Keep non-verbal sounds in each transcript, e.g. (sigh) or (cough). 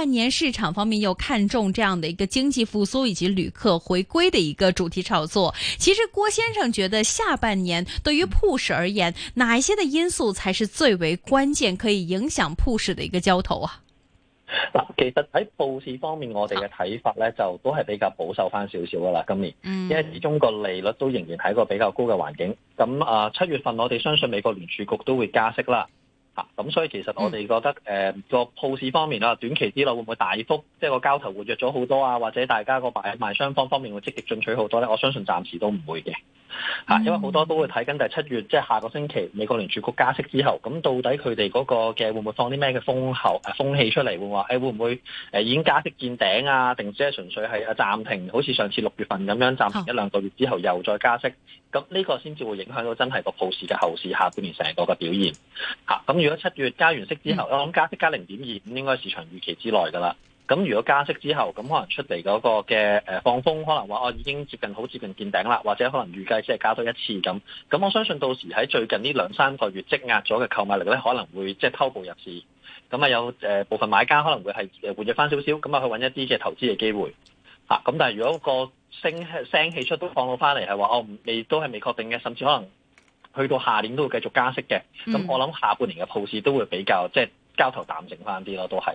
半年市場方面又看重這樣的一個經濟復甦以及旅客回歸的一個主題炒作。其實郭先生覺得下半年對於鋪市而言，嗯，哪一些的因素才是最為關鍵，可以影響鋪市的一個交投啊？嗱，其實喺鋪市方面我們的看，我哋嘅睇法咧就都係比較保守翻少少噶啦。今年，因為始終個利率都仍然喺個比較高嘅環境。咁啊，七、呃、月份我哋相信美國聯儲局都會加息啦。咁、啊、所以其實我哋覺得，誒、嗯嗯、呃個鋪市方面短期之內會唔會大幅即係、就是、個交投活躍咗好多啊？或者大家個買賣雙方方面會積極進取好多咧？我相信暫時都唔會嘅。嚇，因為好多都會睇緊，但係七月即係、就是、下個星期美國聯儲局加息之後，咁到底佢哋嗰個嘅會唔會放啲咩嘅風候、風氣出嚟？會話，誒、哎、會唔會誒已經加息見頂啊？定即係純粹係啊暫停，好似上次六月份咁樣暫停一兩個月之後又再加息，咁呢個先至會影響到真係個舖市嘅後市下半年成個嘅表現嚇。咁如果七月加完息之後，我諗加息加零點二，咁應該市場預期之內㗎啦。咁如果加息之後，咁可能出嚟嗰個嘅放風，可能話我、哦、已經接近好接近見頂啦，或者可能預計只係加多一次咁。咁我相信到時喺最近呢兩三個月積壓咗嘅購買力咧，可能會即係偷步入市。咁啊有誒、呃、部分買家可能會係誒活躍翻少少，咁啊去搵一啲嘅投資嘅機會咁、啊、但係如果個聲聲氣出都放到翻嚟，係話我未都係未確定嘅，甚至可能去到下年都會繼續加息嘅。咁我諗下半年嘅鋪市都會比較即係交投淡靜翻啲咯，都係。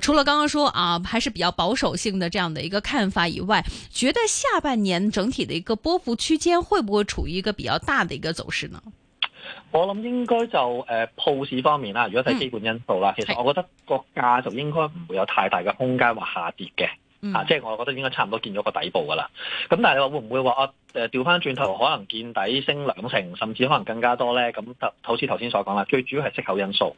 除了剛剛說啊，還是比較保守性的這樣的一個看法以外，覺得下半年整體的一個波幅區間會不會處於一個比較大的一個走勢呢？我諗應該就誒，鋪、呃、市方面啦，如果睇基本因素啦，其實我覺得個價就應該唔會有太大嘅空間或下跌嘅，啊，嗯、即係我覺得應該差唔多見咗個底部㗎啦。咁但係你話會唔會話我誒調翻轉頭可能見底升兩成，甚至可能更加多咧？咁就好似頭先所講啦，最主要係息口因素。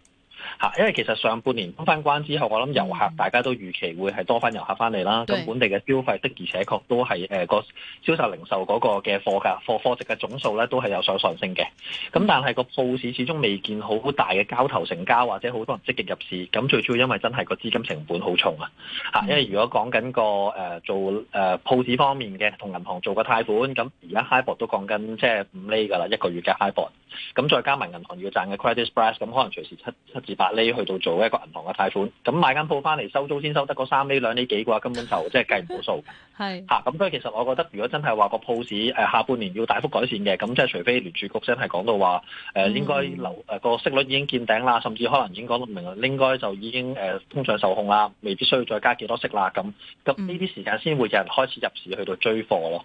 嚇，因為其實上半年開翻關之後，我諗遊客大家都預期會係多翻遊客翻嚟啦。咁本地嘅消費的而且確都係誒個銷售零售嗰個嘅貨價貨貨值嘅總數咧都係有所上，上升嘅。咁但係個鋪市始終未見好大嘅交投成交，或者好多人積極入市。咁最主要因為真係個資金成本好重啊。嚇，因為如果講緊個誒、呃、做誒鋪、呃、市方面嘅，同銀行做個貸款，咁而家 HIBOR 都講緊即係五厘噶啦，一個月嘅 HIBOR。咁再加埋銀行要賺嘅 credit spread，咁可能隨時七七至八。去到做一個銀行嘅貸款，咁買間鋪翻嚟收租先收得個三厘兩厘幾嘅話，根本就即係計唔到數。係 (laughs) 吓，咁所以其實我覺得，如果真係話個鋪市誒、啊、下半年要大幅改善嘅，咁即係除非聯儲局真係講到話，誒、啊、應該樓誒個息率已經見頂啦，甚至可能已經講到明，應該就已經誒、啊、通脹受控啦，未必需要再加幾多息啦。咁咁呢啲時間先會有人開始入市去到追貨咯。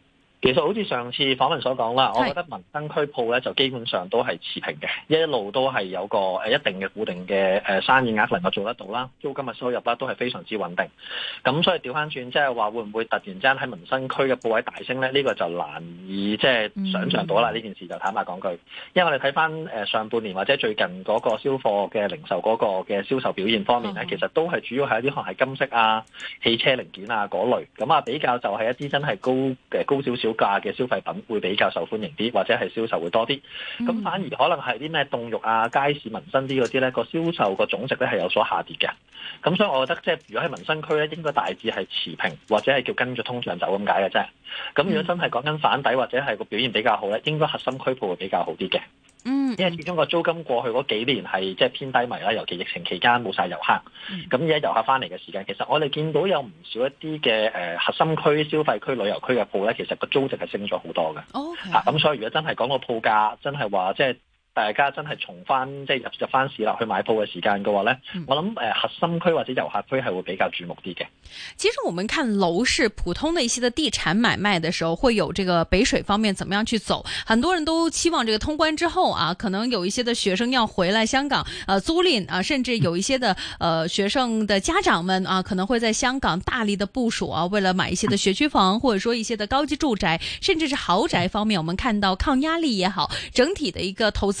其實好似上次訪問所講啦，我覺得民生區鋪咧就基本上都係持平嘅，一路都係有個一定嘅固定嘅生意額能夠做得到啦，租金嘅收入啦都係非常之穩定。咁所以調翻轉即係話會唔會突然間喺民生區嘅鋪位大升咧？呢、呢個就難以即係想像到啦。呢、嗯、件事就坦白講句，因為我哋睇翻上半年或者最近嗰個銷貨嘅零售嗰個嘅銷售表現方面咧、嗯，其實都係主要係一啲能係金飾啊、汽車零件啊嗰類，咁啊比較就係一啲真係高嘅高少少。價嘅消費品會比較受歡迎啲，或者係銷售會多啲，咁反而可能係啲咩凍肉啊、街市民生啲嗰啲咧，個銷售個總值咧係有所下跌嘅。咁所以我覺得，即係如果喺民生區咧，應該大致係持平或者係叫跟住通脹走咁解嘅啫。咁如果真係講緊反底或者係個表現比較好咧，應該核心區鋪會比較好啲嘅。嗯，因為始終個租金過去嗰幾年係即係偏低迷啦，尤其疫情期間冇晒遊客。咁而家遊客翻嚟嘅時間，其實我哋見到有唔少一啲嘅誒核心區、消費區、旅遊區嘅鋪咧，其實個租值係升咗好多嘅。咁、okay. 啊、所以如果真係講個鋪價，真係話即係大家真係重翻即係入入翻市啦，去買鋪嘅時間嘅話咧、嗯，我諗誒、呃、核心區或者遊客區係會比較注目啲嘅。其實我們看樓市普通的一些的地產買賣的時候，會有這個北水方面怎麼樣去走？很多人都期望這個通關之後啊，可能有一些的學生要回來香港，呃租賃啊，甚至有一些的，呃學生的家長們啊，可能會在香港大力的部署啊，為了買一些的學區房，或者說一些的高級住宅，甚至是豪宅方面，我們看到抗壓力也好，整體的一個投資。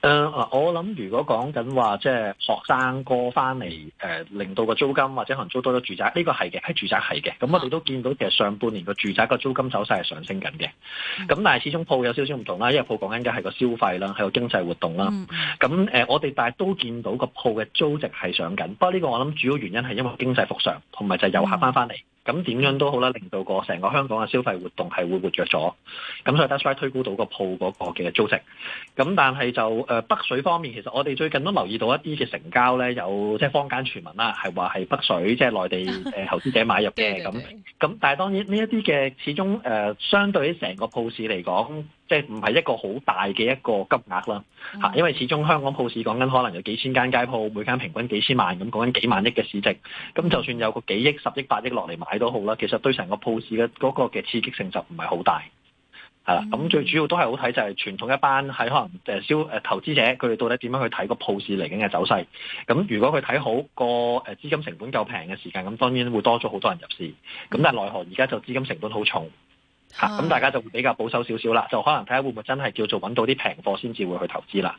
誒、呃，我諗如果講緊話，即係學生過翻嚟，誒、呃、令到個租金或者可能租多咗住宅，呢、這個係嘅，喺住宅係嘅。咁我哋都見到其實上半年個住宅個租金走勢係上升緊嘅。咁、嗯、但係始終鋪有少少唔同啦，因為鋪講緊嘅係個消費啦，係個經濟活動啦。咁、嗯、誒、呃，我哋但係都見到個鋪嘅租值係上緊。不過呢個我諗主要原因係因為經濟復常，同埋就係遊客翻翻嚟。嗯咁點樣都好啦，令到個成個香港嘅消費活動係會活躍咗，咁所以 thus 可以推估到個鋪嗰個嘅租值。咁但係就誒、呃、北水方面，其實我哋最近都留意到一啲嘅成交咧，有即係坊間傳聞啦，係話係北水即係、就是、內地誒投資者買入嘅咁。咁 (laughs) 但係當然呢一啲嘅，始終誒、呃、相對於成個鋪市嚟講。即係唔係一個好大嘅一個金額啦，嚇！因為始終香港鋪市講緊可能有幾千間街鋪，每間平均幾千萬，咁講緊幾萬億嘅市值。咁就算有個幾億、十億、八億落嚟買都好啦，其實對成個鋪市嘅嗰個嘅刺激性就唔係好大，嚇、嗯！咁、啊、最主要都係好睇就係傳統一班係可能誒、啊、消誒、啊、投資者，佢哋到底點樣去睇個鋪市嚟緊嘅走勢？咁如果佢睇好、個誒資金成本夠平嘅時間，咁當然會多咗好多人入市。咁但係奈何而家就資金成本好重。咁、啊嗯啊、大家就會比較保守少少啦，就可能睇下會唔會真係叫做揾到啲平貨先至會去投資啦。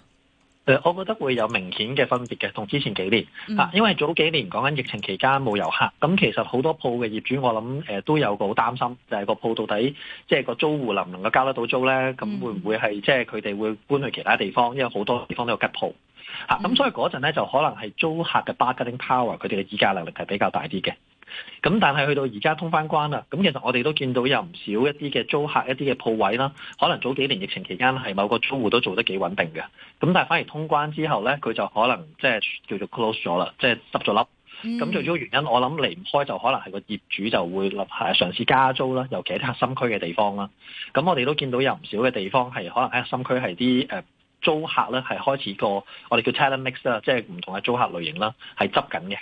我覺得會有明顯嘅分別嘅，同之前幾年，因為早幾年講緊疫情期間冇遊客，咁其實好多鋪嘅業主我諗誒都有個好擔心，就係個鋪到底即係個租戶能唔能夠交得到租咧？咁會唔會係即係佢哋會搬去其他地方？因為好多地方都有吉鋪吓，咁所以嗰陣咧就可能係租客嘅 bargaining power，佢哋嘅議價能力係比較大啲嘅。咁但係去到而家通翻關啦，咁其實我哋都見到有唔少一啲嘅租客一啲嘅鋪位啦，可能早幾年疫情期間係某個租戶都做得幾穩定嘅，咁但係反而通關之後咧，佢就可能即係叫做 close 咗啦，即係執咗笠。咁最主要原因我諗離唔開就可能係個業主就會嘗試加租啦，尤其喺核心區嘅地方啦。咁我哋都見到有唔少嘅地方係可能喺核心區，係啲租客咧係開始過我哋叫 tenant mix 啦，即係唔同嘅租客類型啦，係執緊嘅。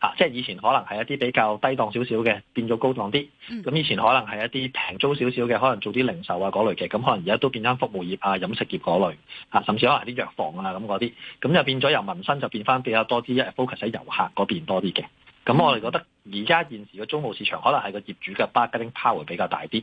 啊！即係以前可能係一啲比較低檔少少嘅，變咗高檔啲。咁以前可能係一啲平租少少嘅，可能做啲零售啊嗰類嘅，咁可能而家都變翻服務業啊、飲食業嗰類啊，甚至可能啲藥房啊咁嗰啲，咁就變咗由民生就變翻比較多啲因為 focus 喺遊客嗰邊多啲嘅。咁我哋覺得而家現時嘅租務市場，可能係個業主嘅 bargaining power 比較大啲。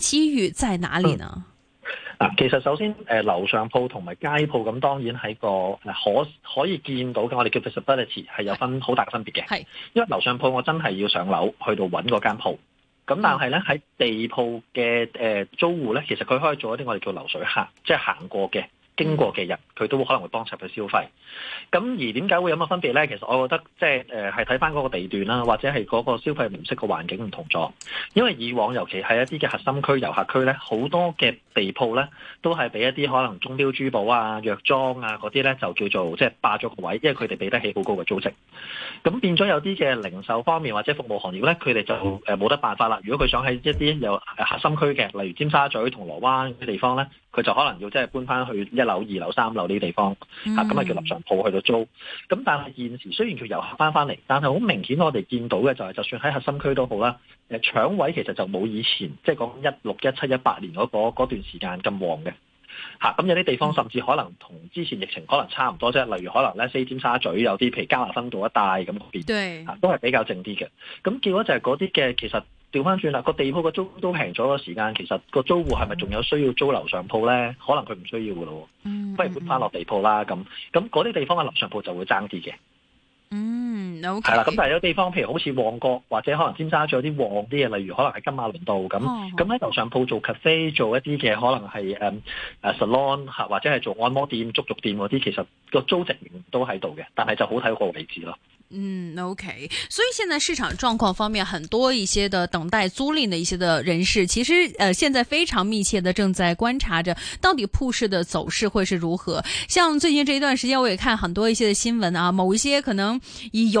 機遇在哪裏呢？嗱，其實首先，誒、呃、樓上鋪同埋街鋪咁，當然係個可可以見到嘅，我哋叫 face 係有分好大嘅分別嘅。係，因為樓上鋪我真係要上樓去到揾嗰間鋪，咁但係呢喺、啊、地鋪嘅誒租戶呢，其實佢可以做一啲我哋叫流水客，即、就、係、是、行過嘅。經過嘅人，佢都可能會幫襯佢消費。咁而點解會有乜分別呢？其實我覺得即係誒，係睇翻嗰個地段啦，或者係嗰個消費模式嘅環境唔同咗。因為以往尤其係一啲嘅核心區、遊客區呢，好多嘅。地鋪咧，都係俾一啲可能鐘錶、珠寶啊、藥妝啊嗰啲咧，就叫做即係、就是、霸咗個位，因為佢哋俾得起好高嘅租值。咁變咗有啲嘅零售方面或者服務行業咧，佢哋就誒冇、呃、得辦法啦。如果佢想喺一啲有核心區嘅，例如尖沙咀、銅鑼灣嘅地方咧，佢就可能要即係搬翻去一樓、二樓、三樓呢啲地方咁、mm. 啊叫立場鋪去到租。咁但係現時雖然佢遊客翻翻嚟，但係好明顯我哋見到嘅就係、是，就算喺核心區都好啦，搶位其實就冇以前即係講一六一七一八年嗰、那個段。時間咁旺嘅，吓、啊、咁、嗯、有啲地方甚至可能同之前疫情可能差唔多啫，例如可能咧，西尖沙咀有啲，譬如加拿分道一帶咁嗰邊，吓、啊、都係比較靜啲嘅。咁、啊、結果就係嗰啲嘅，其實調翻轉啦，個地鋪個租都平咗個時間，其實個租戶係咪仲有需要租樓上鋪咧、嗯？可能佢唔需要噶咯，不如搬翻落地鋪啦。咁咁嗰啲地方嘅樓上鋪就會爭啲嘅。嗯嗯、mm, okay，係啦，咁但係有地方，譬如好似旺角或者可能尖沙咀有啲旺啲嘅，例如可能係金馬倫道咁，咁喺樓上鋪做 cafe 做一啲嘅，可能係誒誒 salon 或者係做按摩店、足浴店嗰啲，其實個租值都喺度嘅，但係就好睇個位置咯。嗯，OK，所以現在市場狀況方面，很多一些的等待租賃的一些的人士，其實誒，現在非常密切的正在觀察着到底鋪市的走勢會是如何。像最近這一段時間，我也看很多一些的新聞啊，某一些可能以有。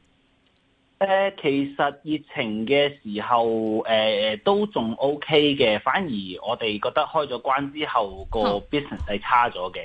誒、呃，其實疫情嘅時候，誒、呃、都仲 O K 嘅，反而我哋覺得開咗關之後個 business 係差咗嘅。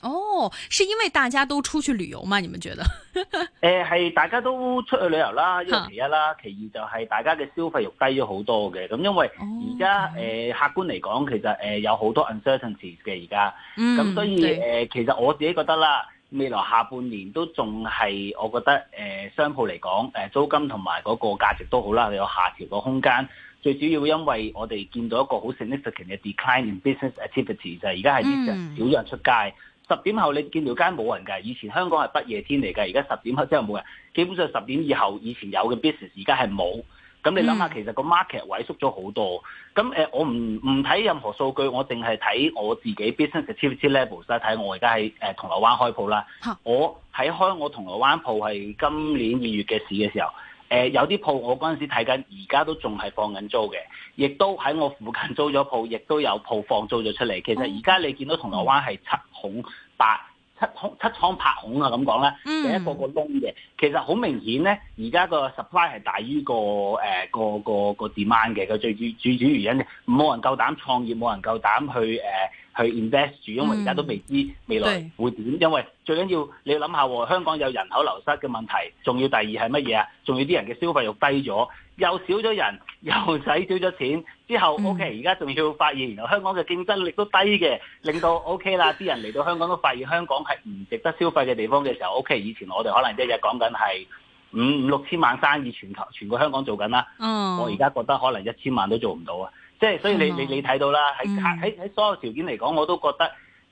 哦，是因為大家都出去旅遊嗎？你們覺得？誒、 (laughs) 呃，係大家都出去旅遊啦，因為其一啦，啊、其二就係大家嘅消費欲低咗好多嘅，咁因為而家誒客觀嚟講，其實誒、呃、有好多 uncertainties 嘅而家，咁、嗯呃、所以誒、呃、其實我自己覺得啦。未來下半年都仲係，我覺得誒、呃、商鋪嚟講，誒、呃、租金同埋嗰個價值都好啦，有下調個空間。最主要因為我哋見到一個好 significant 嘅 decline in business activity，就係而家係少咗人出街。十、mm. 點後你見條街冇人㗎，以前香港係不夜天嚟㗎，而家十點後真係冇人，基本上十點以後以前有嘅 business 而家係冇。咁你諗下，其實個 market 萎縮咗好多。咁誒，我唔唔睇任何數據，我淨係睇我自己 business activity levels。睇我而家喺誒銅鑼灣開鋪啦、嗯。我喺開我銅鑼灣鋪係今年二月嘅事嘅時候，誒有啲鋪我嗰陣時睇緊，而家都仲係放緊租嘅，亦都喺我附近租咗鋪，亦都有鋪放租咗出嚟。其實而家你見到銅鑼灣係七孔八。七七倉拍孔啊，咁講啦，係一個個窿嘅。其實好明顯咧，而家個 supply 係大於個誒、呃、個個個 demand 嘅。個最主主主要原因，冇人夠膽創業，冇人夠膽去誒。呃去 invest 住，因為而家都未知未來會點，嗯，因為最緊要你諗下喎，香港有人口流失嘅問題，仲要第二係乜嘢啊？仲要啲人嘅消費又低咗，又少咗人，又使少咗錢，之後 OK，而家仲要發現，然後香港嘅競爭力都低嘅，令到 OK 啦，啲人嚟到香港都發現香港係唔值得消費嘅地方嘅時候，OK，以前我哋可能一日講緊係五五六千萬生意全，全球全個香港做緊啦，嗯，我而家覺得可能一千萬都做唔到啊！即係，所以你你你睇到啦，喺喺喺所有條件嚟講，我都覺得誒、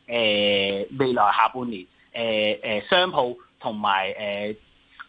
呃，未來下半年誒誒、呃呃，商鋪同埋誒。呃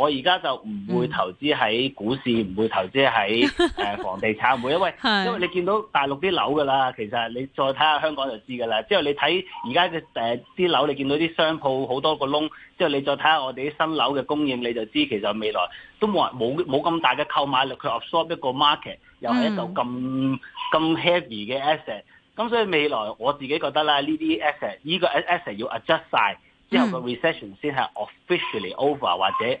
我而家就唔會投資喺股市，唔、嗯、會投資喺房地產會，會 (laughs) 因為因為你見到大陸啲樓㗎啦，其實你再睇下香港就知㗎啦。之後你睇而家嘅誒啲樓，你見到啲商鋪好多個窿，之後你再睇下我哋啲新樓嘅供應，你就知其實未來都冇冇冇咁大嘅購買力去 absorb 一個 market，又係一種咁咁 heavy 嘅 asset。咁所以未來我自己覺得啦，呢啲 asset，呢個 asset 要 adjust 晒之後個 recession 先係 officially over，、嗯、或者。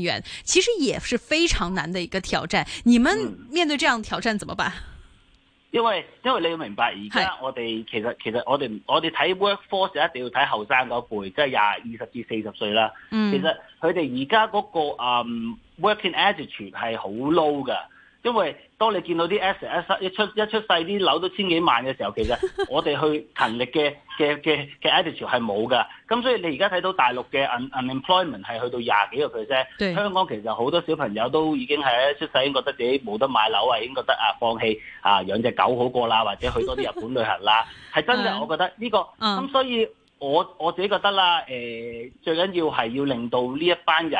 其實也是非常難的一個挑戰，你們面對這樣的挑戰怎麼辦？嗯、因為因為你要明白，而家我哋其實其實我哋我哋睇 workforce 就一定要睇後生一輩，即係廿二十至四十歲啦、嗯。其實佢哋而家個嗯、um, working attitude 係好 low 噶。因為當你見到啲 S S 一出一出世啲樓都千幾萬嘅時候，其實我哋去勤力嘅嘅嘅嘅 attitude 係係冇㗎。咁 (laughs) 所以你而家睇到大陸嘅 un unemployment 係去到廿幾個 percent，香港其實好多小朋友都已經係一出世已經覺得自己冇得買樓啊，已經覺得啊放棄啊養隻狗好過啦，或者去多啲日本旅行啦。係 (laughs) 真嘅，yeah. 我覺得呢、呢個咁，所以我我自己覺得啦，呃、最緊要係要令到呢一班人，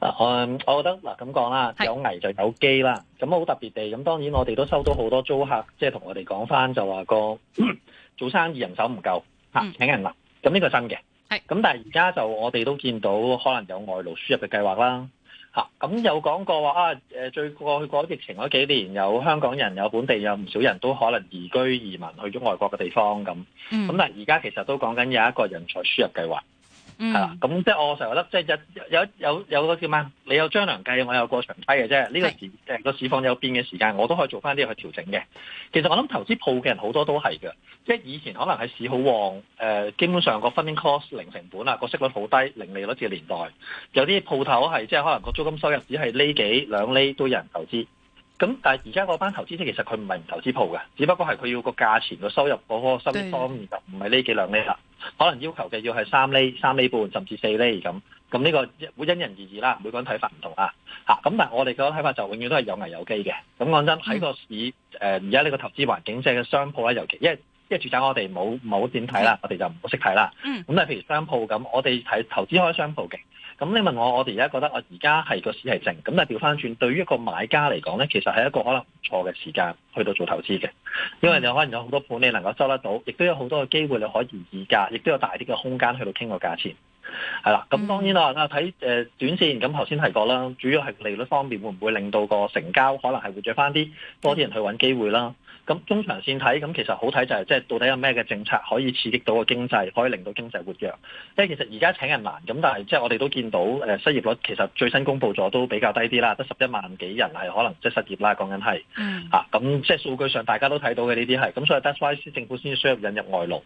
Uh, 我覺得嗱，咁講啦，有危就有機啦。咁好特別地，咁當然我哋都收到好多租客，即係同我哋講返就話個、嗯、做生意人手唔夠，嚇、嗯、請人啦。咁呢個真嘅，係。咁但係而家就我哋都見到可能有外勞輸入嘅計劃啦。咁有講過話啊，最過去過疫情嗰幾年，有香港人有本地有唔少人都可能移居移民去咗外國嘅地方咁。咁、嗯、但係而家其實都講緊有一個人才輸入計劃。係、mm. 啦，咁即係我成日覺得，即係有有有個個叫咩？你有張良計，我有過牆梯嘅啫。呢、這個市個市況有變嘅時間，我都可以做翻啲去調整嘅。其實我諗投資鋪嘅人好多都係嘅，即係以前可能係市好旺，誒、呃、基本上個 funding cost 零成本啊，個息率好低，零利率嘅年代，有啲鋪頭係即係可能個租金收入只係呢幾兩厘都有人投資。咁但係而家嗰班投資者其實佢唔係唔投資鋪嘅，只不過係佢要個價錢個收入嗰個收入方面就唔係呢幾兩厘啦。可能要求嘅要係三厘、三厘半甚至四厘咁，咁呢個會因人而異啦，每個人睇法唔同啊，吓，咁但係我哋嗰睇法就永遠都係有危有機嘅。咁講真，喺個市誒，而家呢個投資環境，即係個商鋪咧，尤其因為即係住宅我，我哋冇冇點睇啦，我哋就唔好識睇啦。咁但係譬如商鋪咁，我哋係投資開商鋪嘅。咁你問我，我哋而家覺得我而家係個市係靜。咁但係調翻轉，對於一個買家嚟講咧，其實係一個可能唔錯嘅時間去到做投資嘅，因為你可能有好多盤你能夠收得到，亦都有好多嘅機會你可以議價，亦都有大啲嘅空間去到傾個價錢。係啦，咁當然啦，睇誒短線。咁頭先提過啦，主要係利率方面會唔會令到個成交可能係活躍翻啲，多啲人去揾機會啦。咁中長線睇，咁其實好睇就係，即係到底有咩嘅政策可以刺激到個經濟，可以令到經濟活躍。即係其實而家請人難，咁但係即係我哋都見到誒失業率其實最新公布咗都比較低啲啦，得十一萬幾人係可能即係失業啦，講緊係嚇。咁即係數據上大家都睇到嘅呢啲係。咁所以 that's why 政府先需要引入外勞，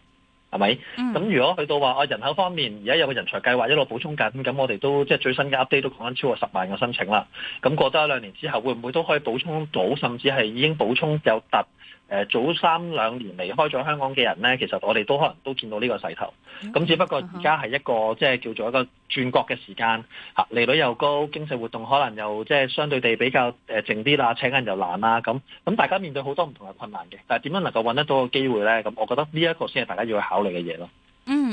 係咪？咁、mm. 如果去到話，我人口方面而家有個人才計劃一路補充緊，咁我哋都即係最新嘅 update 都講緊超過十萬嘅申請啦。咁過多兩年之後會唔會都可以補充到，甚至係已經補充有達。誒早三兩年離開咗香港嘅人咧，其實我哋都可能都見到呢個勢頭。咁只不過而家係一個即係叫做一個轉角嘅時間，利率又高，經濟活動可能又即係相對地比較誒靜啲啦，請人又難啦。咁咁大家面對好多唔同嘅困難嘅，但係點樣能夠搵得到個機會咧？咁我覺得呢一個先係大家要去考慮嘅嘢咯。